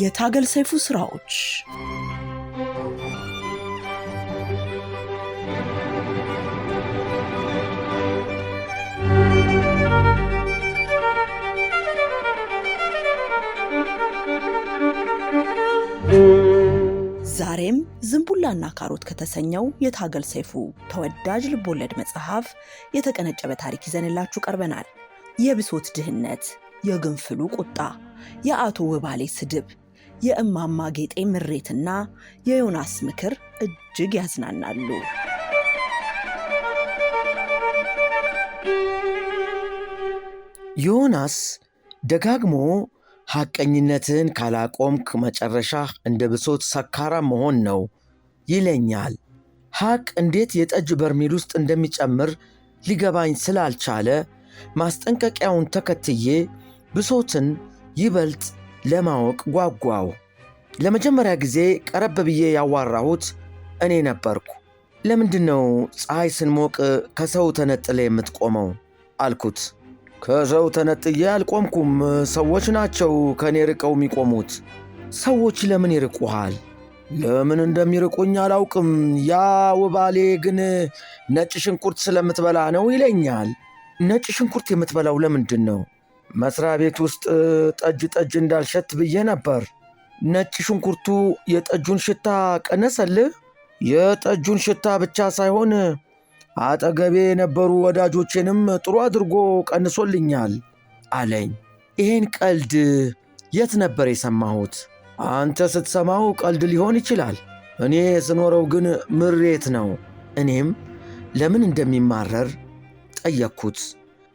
የታገል ሰይፉ ስራዎች ዛሬም ዝንቡላና ካሮት ከተሰኘው የታገል ሰይፉ ተወዳጅ ልቦለድ መጽሐፍ የተቀነጨበ ታሪክ ይዘንላችሁ ቀርበናል። የብሶት ድህነት፣ የግንፍሉ ቁጣ፣ የአቶ ውባሌ ስድብ፣ የእማማ ጌጤ ምሬትና የዮናስ ምክር እጅግ ያዝናናሉ። ዮናስ ደጋግሞ ሐቀኝነትን ካላቆምክ መጨረሻ እንደ ብሶት ሰካራ መሆን ነው ይለኛል። ሐቅ እንዴት የጠጅ በርሜል ውስጥ እንደሚጨምር ሊገባኝ ስላልቻለ ማስጠንቀቂያውን ተከትዬ ብሶትን ይበልጥ ለማወቅ ጓጓው። ለመጀመሪያ ጊዜ ቀረብ ብዬ ያዋራሁት እኔ ነበርኩ። ለምንድን ነው ፀሐይ ስንሞቅ ከሰው ተነጥለ የምትቆመው? አልኩት። ከሰው ተነጥዬ አልቆምኩም። ሰዎች ናቸው ከእኔ ርቀው የሚቆሙት። ሰዎች ለምን ይርቁሃል? ለምን እንደሚርቁኝ አላውቅም። ያ ውባሌ ግን ነጭ ሽንኩርት ስለምትበላ ነው ይለኛል። ነጭ ሽንኩርት የምትበላው ለምንድን ነው? መስሪያ ቤት ውስጥ ጠጅ ጠጅ እንዳልሸት ብዬ ነበር። ነጭ ሽንኩርቱ የጠጁን ሽታ ቀነሰልህ? የጠጁን ሽታ ብቻ ሳይሆን አጠገቤ የነበሩ ወዳጆቼንም ጥሩ አድርጎ ቀንሶልኛል አለኝ። ይህን ቀልድ የት ነበር የሰማሁት? አንተ ስትሰማው ቀልድ ሊሆን ይችላል፣ እኔ ስኖረው ግን ምሬት ነው። እኔም ለምን እንደሚማረር ጠየቅኩት።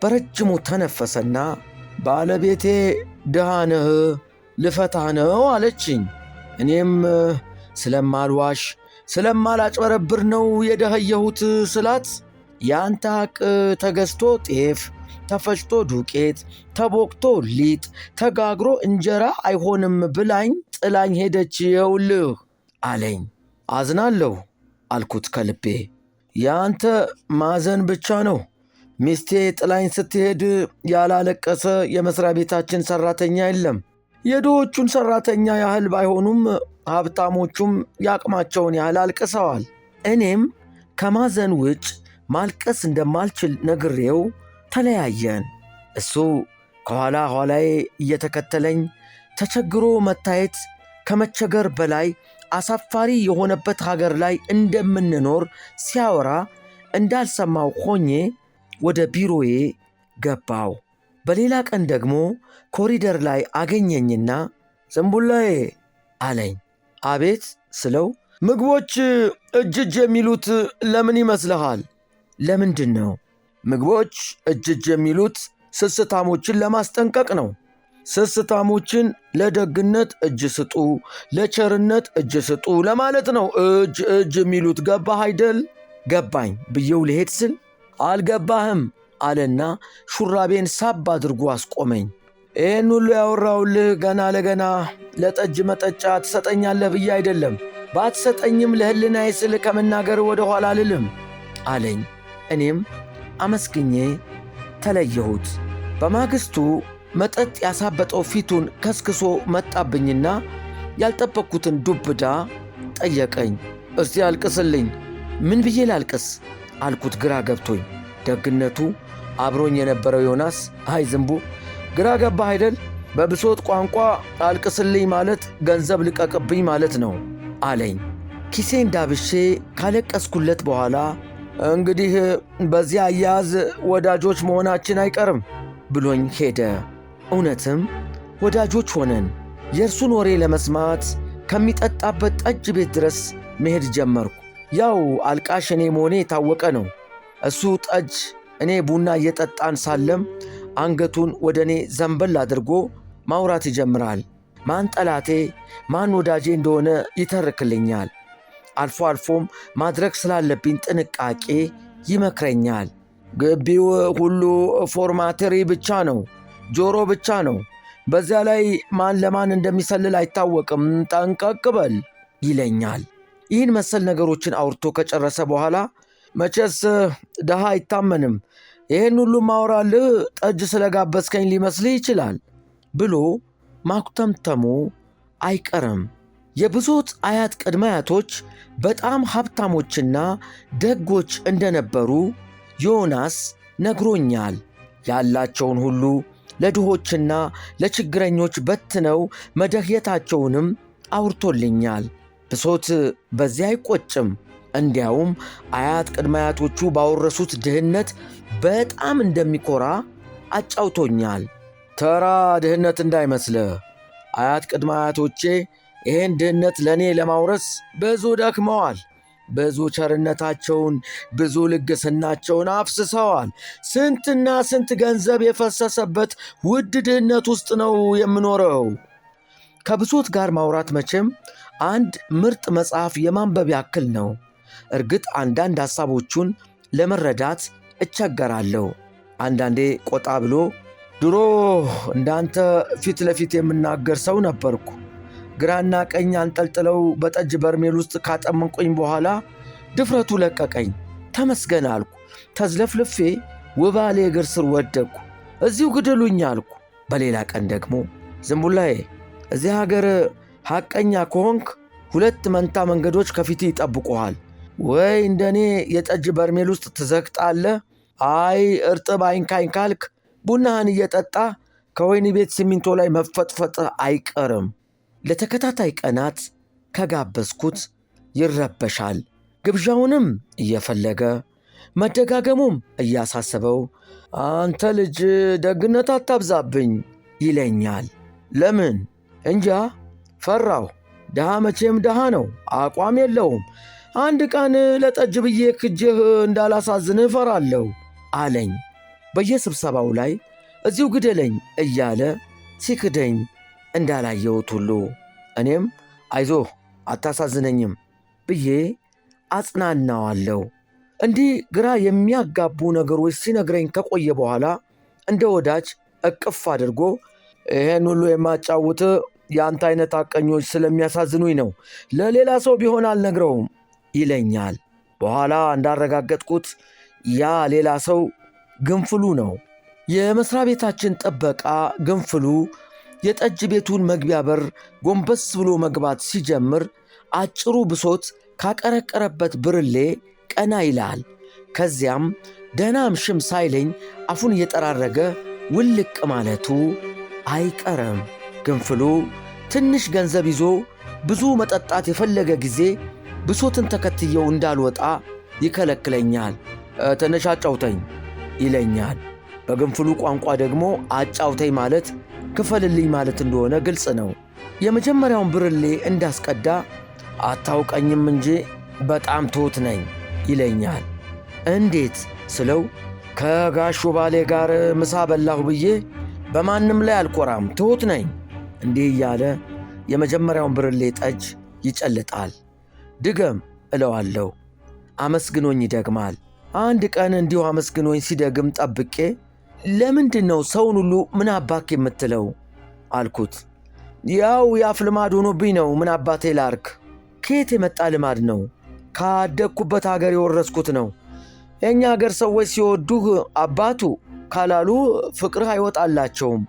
በረጅሙ ተነፈሰና ባለቤቴ ድሃ ነህ ልፈታህ ነው አለችኝ። እኔም ስለማልዋሽ ስለማላጭበረብር ነው የደኸየሁት ስላት የአንተ ሐቅ ተገዝቶ ጤፍ ተፈጭቶ ዱቄት ተቦክቶ ሊጥ ተጋግሮ እንጀራ አይሆንም ብላኝ ጥላኝ ሄደች የውልህ አለኝ። አዝናለሁ አልኩት ከልቤ። የአንተ ማዘን ብቻ ነው ሚስቴ ጥላኝ ስትሄድ ያላለቀሰ የመስሪያ ቤታችን ሰራተኛ የለም። የድሆቹን ሰራተኛ ያህል ባይሆኑም ሀብታሞቹም የአቅማቸውን ያህል አልቅሰዋል። እኔም ከማዘን ውጭ ማልቀስ እንደማልችል ነግሬው ተለያየን። እሱ ከኋላ ኋላዬ እየተከተለኝ ተቸግሮ መታየት ከመቸገር በላይ አሳፋሪ የሆነበት ሀገር ላይ እንደምንኖር ሲያወራ እንዳልሰማው ሆኜ ወደ ቢሮዬ ገባው። በሌላ ቀን ደግሞ ኮሪደር ላይ አገኘኝና ዘንቡላዬ አለኝ። አቤት ስለው ምግቦች እጅጅ የሚሉት ለምን ይመስልሃል? ለምንድን ነው? ምግቦች እጅጅ የሚሉት ስስታሞችን ለማስጠንቀቅ ነው። ስስታሞችን ለደግነት እጅ ስጡ፣ ለቸርነት እጅ ስጡ ለማለት ነው እጅ እጅ የሚሉት ገባህ አይደል? ገባኝ ብዬው ልሄድ ስል አልገባህም አለና ሹራቤን ሳብ አድርጎ አስቆመኝ። ይህን ሁሉ ያወራውልህ ገና ለገና ለጠጅ መጠጫ ትሰጠኛለህ ብዬ አይደለም፣ ባትሰጠኝም ለሕልናዬ ስል ከመናገር ወደ ኋላ አልልም አለኝ። እኔም አመስግኜ ተለየሁት። በማግስቱ መጠጥ ያሳበጠው ፊቱን ከስክሶ መጣብኝና ያልጠበቅኩትን ዱብዳ ጠየቀኝ። እስቲ አልቅስልኝ። ምን ብዬ ላልቅስ? አልኩት ግራ ገብቶኝ። ደግነቱ አብሮኝ የነበረው ዮናስ አይ ዝንቡ ግራ ገባህ አይደል? በብሶት ቋንቋ አልቅስልኝ ማለት ገንዘብ ልቀቅብኝ ማለት ነው አለኝ። ኪሴን ዳብሼ ካለቀስኩለት በኋላ እንግዲህ በዚህ አያያዝ ወዳጆች መሆናችን አይቀርም ብሎኝ ሄደ። እውነትም ወዳጆች ሆነን የእርሱን ወሬ ለመስማት ከሚጠጣበት ጠጅ ቤት ድረስ መሄድ ጀመርኩ። ያው አልቃሽ እኔ መሆኔ የታወቀ ነው። እሱ ጠጅ እኔ ቡና እየጠጣን ሳለም አንገቱን ወደ እኔ ዘንበል አድርጎ ማውራት ይጀምራል። ማን ጠላቴ ማን ወዳጄ እንደሆነ ይተርክልኛል። አልፎ አልፎም ማድረግ ስላለብኝ ጥንቃቄ ይመክረኛል። ግቢው ሁሉ ፎርማትሪ ብቻ ነው፣ ጆሮ ብቻ ነው። በዚያ ላይ ማን ለማን እንደሚሰልል አይታወቅም፣ ጠንቀቅ በል ይለኛል። ይህን መሰል ነገሮችን አውርቶ ከጨረሰ በኋላ መቼስ ድሃ አይታመንም፣ ይህን ሁሉ ማውራልህ ጠጅ ስለጋበዝከኝ ሊመስልህ ይችላል ብሎ ማኩተምተሙ አይቀርም። የብዙት አያት ቅድመ አያቶች በጣም ሀብታሞችና ደጎች እንደነበሩ ዮናስ ነግሮኛል። ያላቸውን ሁሉ ለድሆችና ለችግረኞች በትነው መደህየታቸውንም አውርቶልኛል። ብሶት በዚያ አይቆጭም። እንዲያውም አያት ቅድመ አያቶቹ ባወረሱት ድህነት በጣም እንደሚኮራ አጫውቶኛል። ተራ ድህነት እንዳይመስለ? አያት ቅድመ አያቶቼ ይህን ድህነት ለእኔ ለማውረስ ብዙ ደክመዋል። ብዙ ቸርነታቸውን፣ ብዙ ልግስናቸውን አፍስሰዋል። ስንትና ስንት ገንዘብ የፈሰሰበት ውድ ድህነት ውስጥ ነው የምኖረው። ከብሶት ጋር ማውራት መቼም አንድ ምርጥ መጽሐፍ የማንበብ ያክል ነው። እርግጥ አንዳንድ ሐሳቦቹን ለመረዳት እቸገራለሁ። አንዳንዴ ቆጣ ብሎ ድሮ እንዳንተ ፊት ለፊት የምናገር ሰው ነበርኩ፣ ግራና ቀኝ አንጠልጥለው በጠጅ በርሜል ውስጥ ካጠመቁኝ በኋላ ድፍረቱ ለቀቀኝ። ተመስገን አልኩ። ተዝለፍልፌ ውባሌ እግር ስር ወደቅኩ። እዚሁ ግደሉኝ አልኩ። በሌላ ቀን ደግሞ ዝንቡላዬ እዚህ ሀገር ሐቀኛ ከሆንክ ሁለት መንታ መንገዶች ከፊት ይጠብቁሃል። ወይ እንደ እኔ የጠጅ በርሜል ውስጥ ትዘግጣለህ። አይ እርጥብ አይንካኝ ካልክ ቡናህን እየጠጣ ከወይን ቤት ሲሚንቶ ላይ መፈጥፈጥ አይቀርም። ለተከታታይ ቀናት ከጋበዝኩት ይረበሻል። ግብዣውንም እየፈለገ መደጋገሙም እያሳሰበው አንተ ልጅ ደግነት አታብዛብኝ ይለኛል። ለምን እንጃ ፈራሁ። ድሃ መቼም ድሃ ነው፣ አቋም የለውም። አንድ ቀን ለጠጅ ብዬ ክጅህ እንዳላሳዝንህ እፈራለሁ አለኝ። በየስብሰባው ላይ እዚሁ ግደለኝ እያለ ሲክደኝ እንዳላየሁት ሁሉ እኔም አይዞህ አታሳዝነኝም ብዬ አጽናናዋለሁ። እንዲህ ግራ የሚያጋቡ ነገሮች ሲነግረኝ ከቆየ በኋላ እንደ ወዳጅ እቅፍ አድርጎ ይሄን ሁሉ የማጫውት የአንተ አይነት አቀኞች ስለሚያሳዝኑኝ ነው። ለሌላ ሰው ቢሆን አልነግረውም ይለኛል። በኋላ እንዳረጋገጥኩት ያ ሌላ ሰው ግንፍሉ ነው። የመስሪያ ቤታችን ጥበቃ ግንፍሉ የጠጅ ቤቱን መግቢያ በር ጎንበስ ብሎ መግባት ሲጀምር አጭሩ ብሶት ካቀረቀረበት ብርሌ ቀና ይላል። ከዚያም ደናም ሽም ሳይለኝ አፉን እየጠራረገ ውልቅ ማለቱ አይቀርም። ግንፍሉ ትንሽ ገንዘብ ይዞ ብዙ መጠጣት የፈለገ ጊዜ ብሶትን ተከትየው እንዳልወጣ ይከለክለኛል። ትንሽ አጫውተኝ ይለኛል። በግንፍሉ ቋንቋ ደግሞ አጫውተኝ ማለት ክፈልልኝ ማለት እንደሆነ ግልጽ ነው። የመጀመሪያውን ብርሌ እንዳስቀዳ አታውቀኝም እንጂ በጣም ትሑት ነኝ ይለኛል። እንዴት ስለው ከጋሾ ባሌ ጋር ምሳ በላሁ ብዬ በማንም ላይ አልኮራም፣ ትሑት ነኝ እንዲህ እያለ የመጀመሪያውን ብርሌ ጠጅ ይጨልጣል። ድገም እለዋለሁ፣ አመስግኖኝ ይደግማል። አንድ ቀን እንዲሁ አመስግኖኝ ሲደግም ጠብቄ ለምንድን ነው ሰውን ሁሉ ምን አባክ የምትለው አልኩት። ያው የአፍ ልማድ ሆኖብኝ ነው ምን አባቴ ላርክ። ከየት የመጣ ልማድ ነው? ካደግኩበት አገር የወረስኩት ነው። የእኛ አገር ሰዎች ሲወዱህ አባቱ ካላሉ ፍቅርህ አይወጣላቸውም።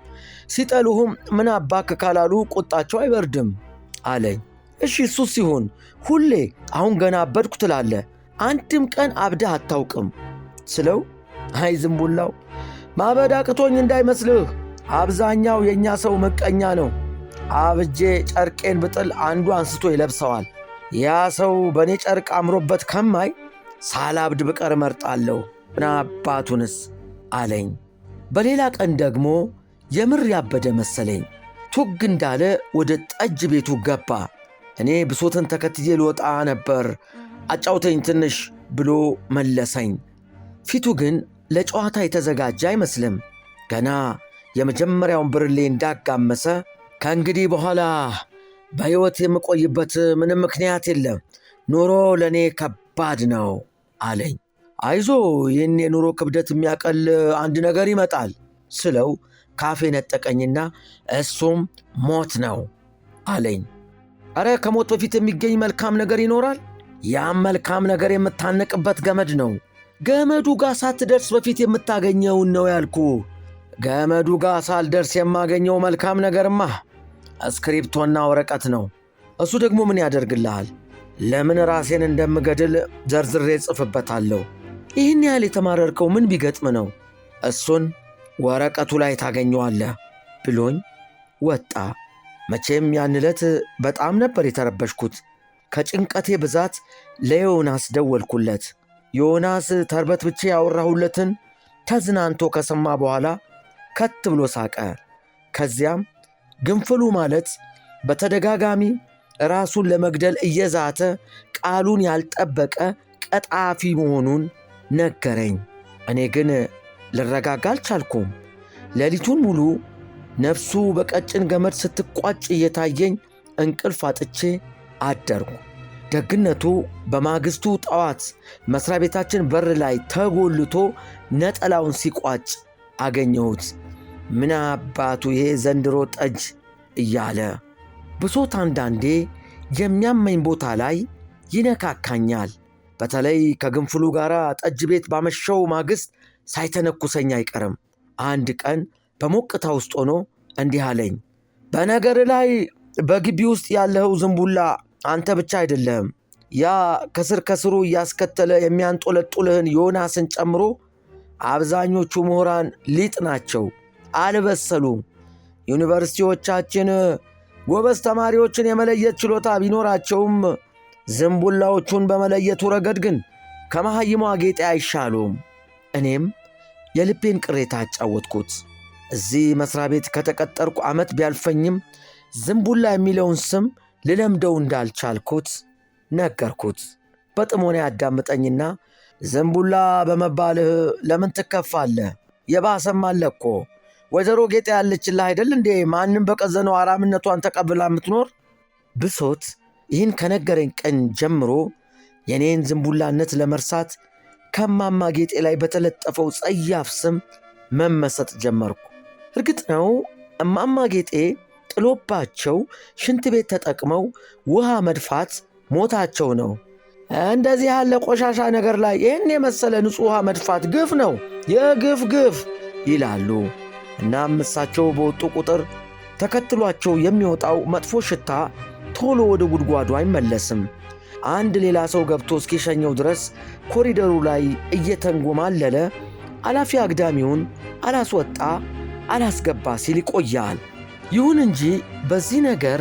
ሲጠሉህም ምን አባክ ካላሉ ቁጣቸው አይበርድም አለኝ። እሺ እሱ ሲሆን ሁሌ አሁን ገና አበድኩ ትላለ፣ አንድም ቀን አብደህ አታውቅም ስለው፣ አይ ዝንቡላው ማበድ አቅቶኝ እንዳይመስልህ አብዛኛው የእኛ ሰው ምቀኛ ነው። አብጄ ጨርቄን ብጥል አንዱ አንስቶ ይለብሰዋል። ያ ሰው በእኔ ጨርቅ አምሮበት ከማይ ሳላብድ ብቀር እመርጣለሁ። ምናባቱንስ አለኝ። በሌላ ቀን ደግሞ የምር ያበደ መሰለኝ። ቱግ እንዳለ ወደ ጠጅ ቤቱ ገባ። እኔ ብሶትን ተከትዬ ልወጣ ነበር፣ አጫውተኝ ትንሽ ብሎ መለሰኝ። ፊቱ ግን ለጨዋታ የተዘጋጀ አይመስልም። ገና የመጀመሪያውን ብርሌ እንዳጋመሰ ከእንግዲህ በኋላ በሕይወት የምቆይበት ምንም ምክንያት የለም፣ ኑሮ ለእኔ ከባድ ነው አለኝ። አይዞ፣ ይህን የኑሮ ክብደት የሚያቀል አንድ ነገር ይመጣል ስለው ካፌ ነጠቀኝና እሱም ሞት ነው አለኝ። አረ ከሞት በፊት የሚገኝ መልካም ነገር ይኖራል። ያም መልካም ነገር የምታነቅበት ገመድ ነው። ገመዱ ጋር ሳትደርስ በፊት የምታገኘውን ነው ያልኩ። ገመዱ ጋር ሳልደርስ የማገኘው መልካም ነገርማ እስክሪፕቶና ወረቀት ነው። እሱ ደግሞ ምን ያደርግልሃል? ለምን ራሴን እንደምገድል ዘርዝሬ ጽፍበታለሁ። ይህን ያህል የተማረርከው ምን ቢገጥም ነው? እሱን ወረቀቱ ላይ ታገኘዋለህ ብሎኝ ወጣ። መቼም ያን ዕለት በጣም ነበር የተረበሽኩት። ከጭንቀቴ ብዛት ለዮናስ ደወልኩለት። ዮናስ ተርበት ብቼ ያወራሁለትን ተዝናንቶ ከሰማ በኋላ ከት ብሎ ሳቀ። ከዚያም ግንፍሉ ማለት በተደጋጋሚ ራሱን ለመግደል እየዛተ ቃሉን ያልጠበቀ ቀጣፊ መሆኑን ነገረኝ። እኔ ግን ልረጋጋ አልቻልኩም። ሌሊቱን ሙሉ ነፍሱ በቀጭን ገመድ ስትቋጭ እየታየኝ እንቅልፍ አጥቼ አደርኩ። ደግነቱ በማግስቱ ጠዋት መስሪያ ቤታችን በር ላይ ተጎልቶ ነጠላውን ሲቋጭ አገኘሁት። ምን አባቱ ይሄ ዘንድሮ ጠጅ እያለ ብሶት አንዳንዴ የሚያመኝ ቦታ ላይ ይነካካኛል። በተለይ ከግንፍሉ ጋር ጠጅ ቤት ባመሸው ማግስት ሳይተነኩሰኝ አይቀርም። አንድ ቀን በሞቅታ ውስጥ ሆኖ እንዲህ አለኝ፣ በነገር ላይ በግቢ ውስጥ ያለኸው ዝንቡላ አንተ ብቻ አይደለም። ያ ከስር ከስሩ እያስከተለ የሚያንጦለጡልህን ዮናስን ጨምሮ አብዛኞቹ ምሁራን ሊጥ ናቸው፣ አልበሰሉም። ዩኒቨርሲቲዎቻችን ጎበዝ ተማሪዎችን የመለየት ችሎታ ቢኖራቸውም ዝንቡላዎቹን በመለየቱ ረገድ ግን ከመሐይሟ ጌጤ አይሻሉም። እኔም የልቤን ቅሬታ አጫወትኩት። እዚህ መሥሪያ ቤት ከተቀጠርኩ ዓመት ቢያልፈኝም ዝንቡላ የሚለውን ስም ልለምደው እንዳልቻልኩት ነገርኩት። በጥሞና ያዳምጠኝና ዝንቡላ በመባልህ ለምን ትከፋለህ? የባሰም አለ እኮ ወይዘሮ ጌጤ ያለችልህ አይደል እንዴ? ማንም በቀዘነው አራምነቷን ተቀብላ የምትኖር ብሶት ይህን ከነገረኝ ቀን ጀምሮ የእኔን ዝንቡላነት ለመርሳት ከማማ ጌጤ ላይ በተለጠፈው ጸያፍ ስም መመሰጥ ጀመርኩ። እርግጥ ነው እማማ ጌጤ ጥሎባቸው ሽንት ቤት ተጠቅመው ውሃ መድፋት ሞታቸው ነው። እንደዚህ ያለ ቆሻሻ ነገር ላይ ይህን የመሰለ ንጹሕ ውሃ መድፋት ግፍ ነው፣ የግፍ ግፍ ይላሉ። እናም እሳቸው በወጡ ቁጥር ተከትሏቸው የሚወጣው መጥፎ ሽታ ቶሎ ወደ ጉድጓዱ አይመለስም። አንድ ሌላ ሰው ገብቶ እስኪሸኘው ድረስ ኮሪደሩ ላይ እየተንጎማለለ አላፊ አግዳሚውን አላስወጣ አላስገባ ሲል ይቆያል። ይሁን እንጂ በዚህ ነገር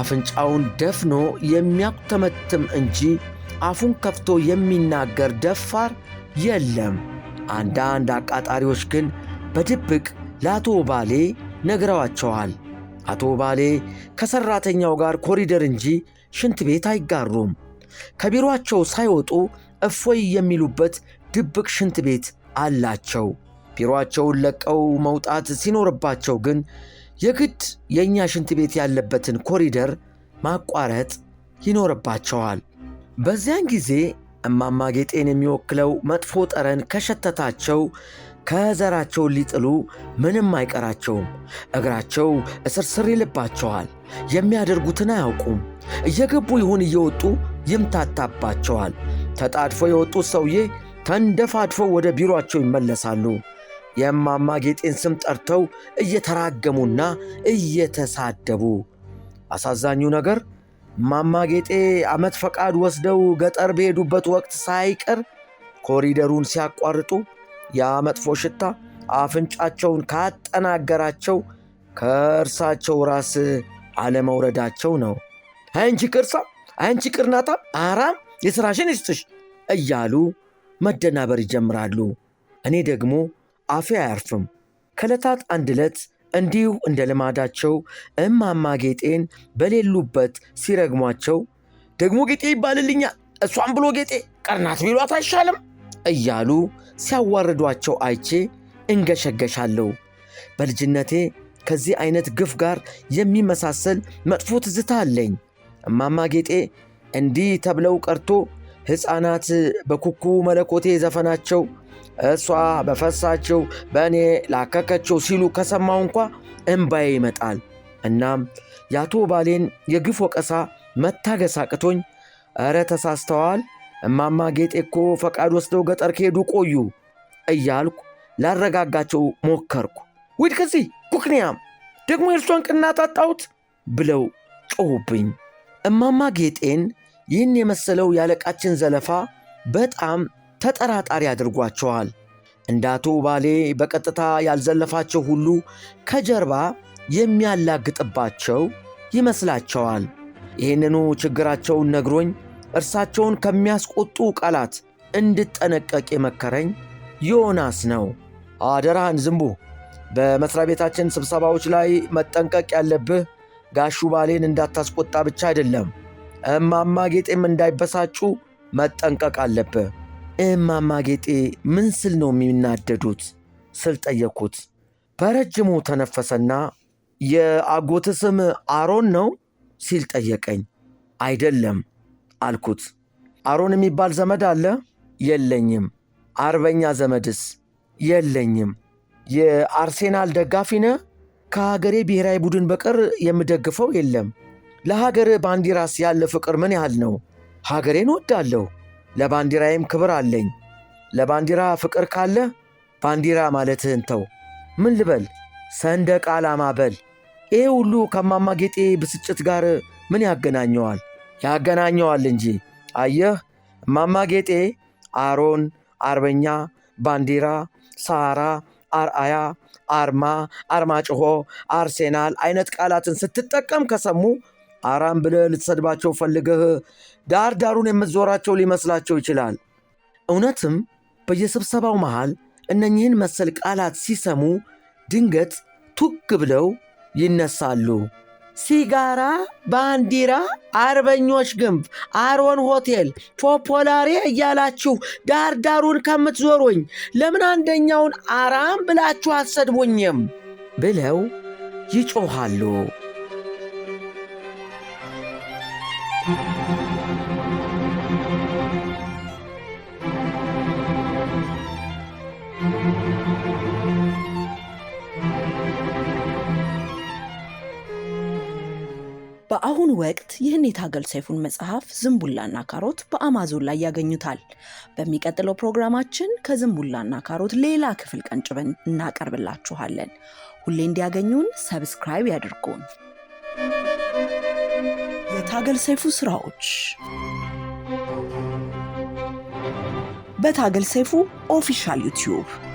አፍንጫውን ደፍኖ የሚያተመትም እንጂ አፉን ከፍቶ የሚናገር ደፋር የለም። አንዳንድ አቃጣሪዎች ግን በድብቅ ለአቶ ባሌ ነግረዋቸዋል። አቶ ባሌ ከሠራተኛው ጋር ኮሪደር እንጂ ሽንት ቤት አይጋሩም። ከቢሮአቸው ሳይወጡ እፎይ የሚሉበት ድብቅ ሽንት ቤት አላቸው። ቢሮአቸውን ለቀው መውጣት ሲኖርባቸው ግን የግድ የእኛ ሽንት ቤት ያለበትን ኮሪደር ማቋረጥ ይኖርባቸዋል። በዚያን ጊዜ እማማ ጌጤን የሚወክለው መጥፎ ጠረን ከሸተታቸው ከዘራቸውን ሊጥሉ ምንም አይቀራቸውም። እግራቸው እስርስር ይልባቸዋል። የሚያደርጉትን አያውቁም። እየገቡ ይሁን እየወጡ ይምታታባቸዋል። ተጣድፎ የወጡት ሰውዬ ተንደፋድፎ ወደ ቢሮአቸው ይመለሳሉ። የእማማ ጌጤን ስም ጠርተው እየተራገሙና እየተሳደቡ። አሳዛኙ ነገር እማማ ጌጤ ዓመት ፈቃድ ወስደው ገጠር በሄዱበት ወቅት ሳይቀር ኮሪደሩን ሲያቋርጡ ያ መጥፎ ሽታ አፍንጫቸውን ካጠናገራቸው ከእርሳቸው ራስ አለመውረዳቸው ነው። አንቺ ቅርሳ አንቺ ቅርናታ አራም የሥራሽን ይስጥሽ እያሉ መደናበር ይጀምራሉ። እኔ ደግሞ አፌ አያርፍም። ከዕለታት አንድ ዕለት እንዲሁ እንደ ልማዳቸው እማማ ጌጤን በሌሉበት ሲረግሟቸው ደግሞ ጌጤ ይባልልኛል እሷም ብሎ ጌጤ ቀርናት ቢሏት አይሻልም እያሉ ሲያዋርዷቸው አይቼ እንገሸገሻለሁ። በልጅነቴ ከዚህ አይነት ግፍ ጋር የሚመሳሰል መጥፎ ትዝታ አለኝ። እማማ ጌጤ እንዲህ ተብለው ቀርቶ ሕፃናት በኩኩ መለኮቴ ዘፈናቸው እሷ በፈሳቸው በእኔ ላከከቸው ሲሉ ከሰማው እንኳ እምባዬ ይመጣል። እናም የአቶ ባሌን የግፍ ወቀሳ መታገስ አቅቶኝ ተሳስተዋል፣ እማማ ጌጤ እኮ ፈቃድ ወስደው ገጠር ከሄዱ ቆዩ እያልኩ ላረጋጋቸው ሞከርኩ። ውድ ከዚህ ኩክንያም ደግሞ የእርሷን ቅናት አጣሁት ብለው ጮሁብኝ። እማማ ጌጤን ይህን የመሰለው ያለቃችን ዘለፋ በጣም ተጠራጣሪ አድርጓቸዋል። እንደ አቶ ባሌ በቀጥታ ያልዘለፋቸው ሁሉ ከጀርባ የሚያላግጥባቸው ይመስላቸዋል። ይህንኑ ችግራቸውን ነግሮኝ እርሳቸውን ከሚያስቆጡ ቃላት እንድጠነቀቅ የመከረኝ ዮናስ ነው። አደራህን ዝንቡ፣ በመሥሪያ ቤታችን ስብሰባዎች ላይ መጠንቀቅ ያለብህ ጋሹ ባሌን እንዳታስቆጣ ብቻ አይደለም እማማ ጌጤም እንዳይበሳጩ መጠንቀቅ አለበ። እማማ ጌጤ ምን ስል ነው የሚናደዱት ስል ጠየቅኩት። በረጅሙ ተነፈሰና የአጎት ስም አሮን ነው ሲል ጠየቀኝ። አይደለም አልኩት። አሮን የሚባል ዘመድ አለ? የለኝም። አርበኛ ዘመድስ? የለኝም። የአርሴናል ደጋፊ ነህ? ከሀገሬ ብሔራዊ ቡድን በቀር የምደግፈው የለም። ለሀገር ባንዲራ ያለ ፍቅር ምን ያህል ነው? ሀገሬን ወዳለሁ፣ ለባንዲራዬም ክብር አለኝ። ለባንዲራ ፍቅር ካለ ባንዲራ ማለትህን ተው። ምን ልበል? ሰንደቅ ዓላማ በል። ይሄ ሁሉ ከማማ ጌጤ ብስጭት ጋር ምን ያገናኘዋል? ያገናኘዋል እንጂ። አየህ እማማ ጌጤ አሮን፣ አርበኛ፣ ባንዲራ፣ ሳራ አርአያ፣ አርማ፣ አርማጭሆ፣ አርሴናል አይነት ቃላትን ስትጠቀም ከሰሙ አራም ብለህ ልትሰድባቸው ፈልገህ ዳር ዳሩን የምትዞራቸው ሊመስላቸው ይችላል። እውነትም በየስብሰባው መሃል እነኚህን መሰል ቃላት ሲሰሙ ድንገት ቱግ ብለው ይነሳሉ። ሲጋራ፣ ባንዲራ፣ አርበኞች ግንብ፣ አሮን ሆቴል፣ ፖፖላሬ እያላችሁ ዳር ዳሩን ከምትዞሩኝ ለምን አንደኛውን አራም ብላችሁ አትሰድቡኝም? ብለው ይጮኻሉ። በአሁኑ ወቅት ይህን የታገል ሰይፉን መጽሐፍ ዝንቡላና ካሮት በአማዞን ላይ ያገኙታል። በሚቀጥለው ፕሮግራማችን ከዝንቡላና ካሮት ሌላ ክፍል ቀንጭበን እናቀርብላችኋለን። ሁሌ እንዲያገኙን ሰብስክራይብ ያድርጉን። የታገል ሰይፉ ስራዎች በታገል ሰይፉ ኦፊሻል ዩቲዩብ